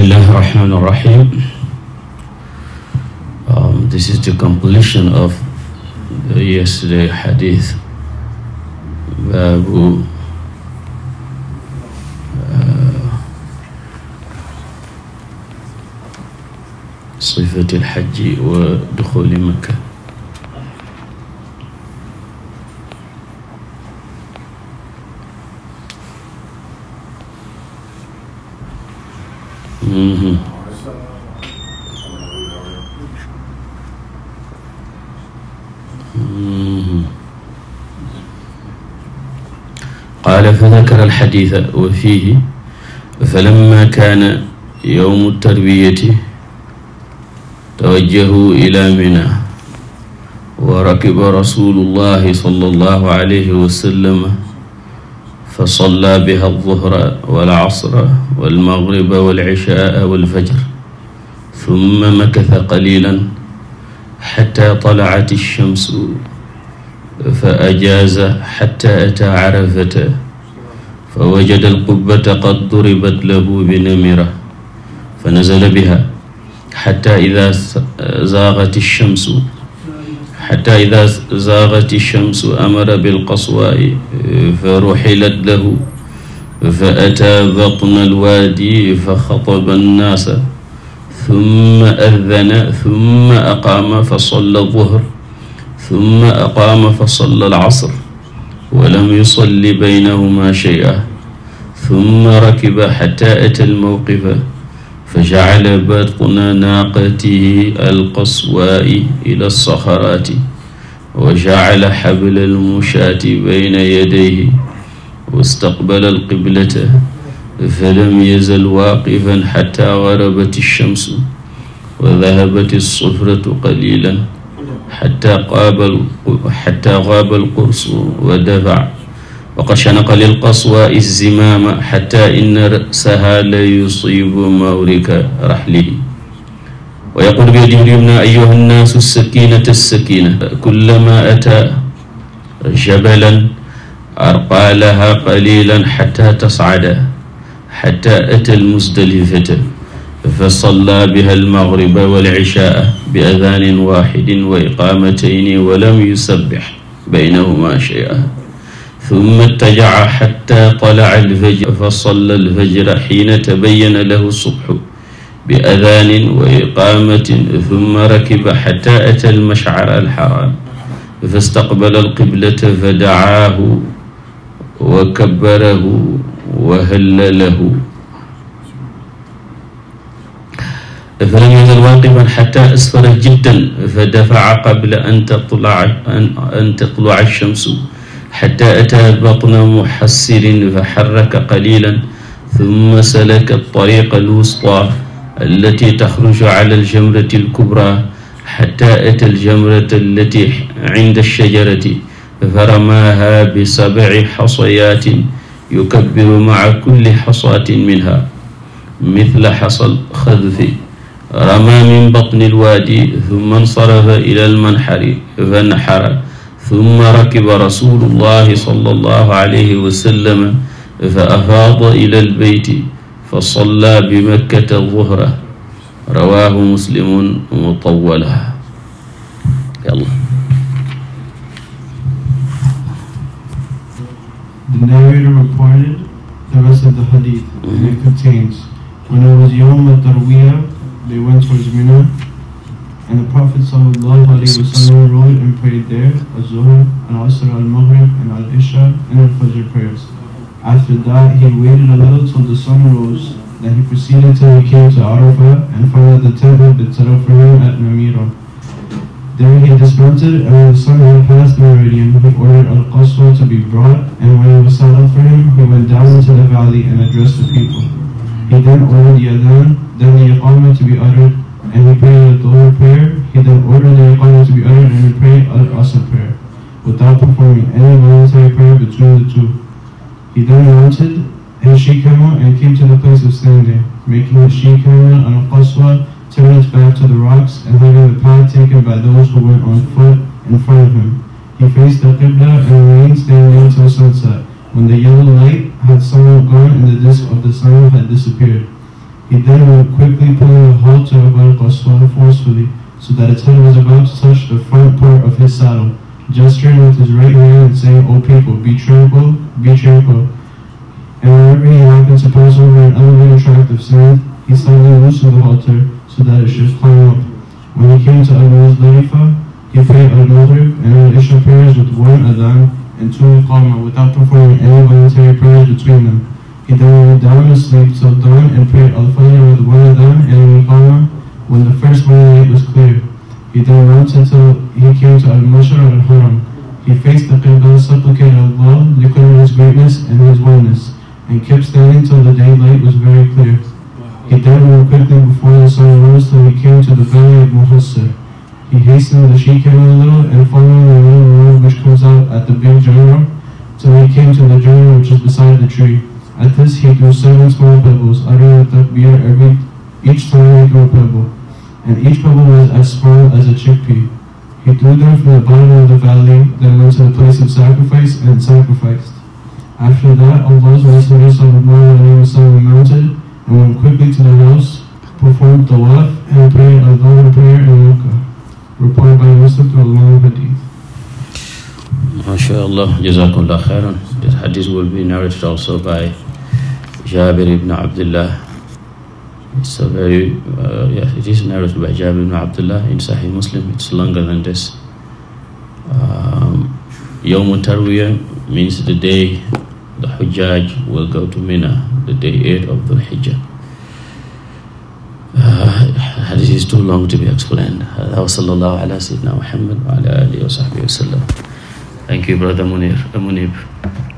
Bismillah ar-Rahman ar-Rahim. Um, this is the completion of the yesterday hadith. Babu صفة الحج ودخول مكة qaala fa dakara alxadiisa wa fiihi falamma kaana yowmu tarbiyati tawajjahu ila mina wa rakiba rasulullahi sallallahu alayhi wa sallam fa salla biha alzuhra walasra walmagriba walcishaa walfajr summa makasa qalilan xata talacat alchamsu fa ajaaza xata ataa carafata fa wajada alqubbata qad duribat lahu binamira fa nazala biha xata ida zaagat alchamsu xata ida zaagat lchamsu amara bilqaswaayi fa ruxilat lahu fa ataa batna alwaadi fa xataba annaasa summa adana summa aqaama fa solla duhr summa aqaama fa solla alcasr walam yusalli baynahuma shay'a summa rakiba xata ata almawqifa فجعل بطن ناقته القصواء إلى الصخرات وجعل حبل المشاة بين يديه واستقبل القبلة فلم يزل واقفا حتى غربت الشمس وذهبت الصفرة قليلا حتى قاب حتى غاب القرص ودفع waqad shanaqa lil qaswa izzimaama xatta inna ra'saha la yusibu mawrika rahlihi wa yaqul bi yadihi al-yumna ayyuha nnaasu sakiinata sakiinata kullamaa ataa jabalan arqaalaha qaliilan xatta tascada xatta ataa al-muzdalifata fasallaa biha al-maghriba wal-cishaaa bi adaanin waaxidin wa iqaamatayni wa lam yusabbix baynahumaa shay'an ثم اتجع حتى طلع الفجر فصلى الفجر حين تبين له الصبح بأذان وإقامة ثم ركب حتى أتى المشعر الحرام فاستقبل القبلة فدعاه وكبره وهلله فلم يزل واقفا حتى أسفر جدا فدفع قبل أن تطلع أن تطلع الشمس حتى أتى بطن محسر فحرك قليلا ثم سلك الطريق الوسطى التي تخرج على الجمرة الكبرى حتى أتى الجمرة التي عند الشجرة فرماها بسبع حصيات يكبر مع كل حصاة منها مثل حصى الخذف رمى من بطن الوادي ثم انصرف إلى المنحر فانحر summa rakiba rasulullahi sallallahu alayhi wa sallama fa afaada ila albeyti fa salla bi makkata zuhra rawahu muslimun mutawala yàlla The narrator reported the rest of the hadith, and it contains, when it was Yom Tarwiyah, they went towards Mina, And the Prophet وسلم, rode and prayed there, Azur, Al Asr, Al Maghrib, and Al Isha, and Al Fajr prayers. After that, he waited a little till the sun rose. Then he proceeded till he came to Arafah and found the tent had at Namira. There he dismounted, and when the sun passed the meridian, he ordered Al Qaswa to be brought, and when it was set for him, he went down into the valley and addressed the people. He then ordered the Iqamah pray Al Asr prayer without performing any voluntary prayer between the two. He then mounted his she camel and came to the place of standing, making the she camel on Qaswa turn its back to the rocks and having the path taken by those who went on foot in front of him. He faced the Qibla and remained standing until sunset, when the yellow light had somewhat gone and the disk of the sun had disappeared. He then went quickly pulling the halter of Al-Qaswa forcefully, so that its head was about to touch the front part of his saddle, gesturing with his right and saying, O oh, people, be tranquil, be tranquil. And whenever he happened to pass over an elevated tract of sand, he slightly loosened the halter so that it should climb up. When he came to Abu Zarifa, he prayed al Maghrib and al Isha prayers with one adhan and two Iqamah without performing any voluntary prayers between them. He then went down and prayed when the first moonlight was clear, he then went until he came to Al-Mashar al-Haram. He faced the Qibla, supplicated Allah, declared His greatness and His oneness, and kept standing till the daylight was very clear. He then ran quickly before the sun rose till he came to the valley of Muhassar. He hastened the sheikh a little and following the little road which comes out at the big jar till he came to the jar which is beside the tree. At a a pebble. and each pebble was as small as a chickpea. He threw them from the bottom of the valley, then went to the place of sacrifice and sacrificed. After that, Allah's messenger sallallahu alayhi wa sallam mounted and went quickly to the house, performed the waf, and prayed a long prayer in Mecca. Reported by Muslim through a long hadith. MashaAllah, Jazakumullah khairan. This hadith will be narrated also by Jabir ibn Abdullah It's a very, uh, yeah, it is Abdullah in Sahih Muslim. It's longer than this. Um, Yawm means the day the Hujjaj will go to Mina, the day 8 of the Hijjah. Uh, this is too long to be explained. Sallallahu ala Muhammad wa ala alihi wa sahbihi wa sallam. Thank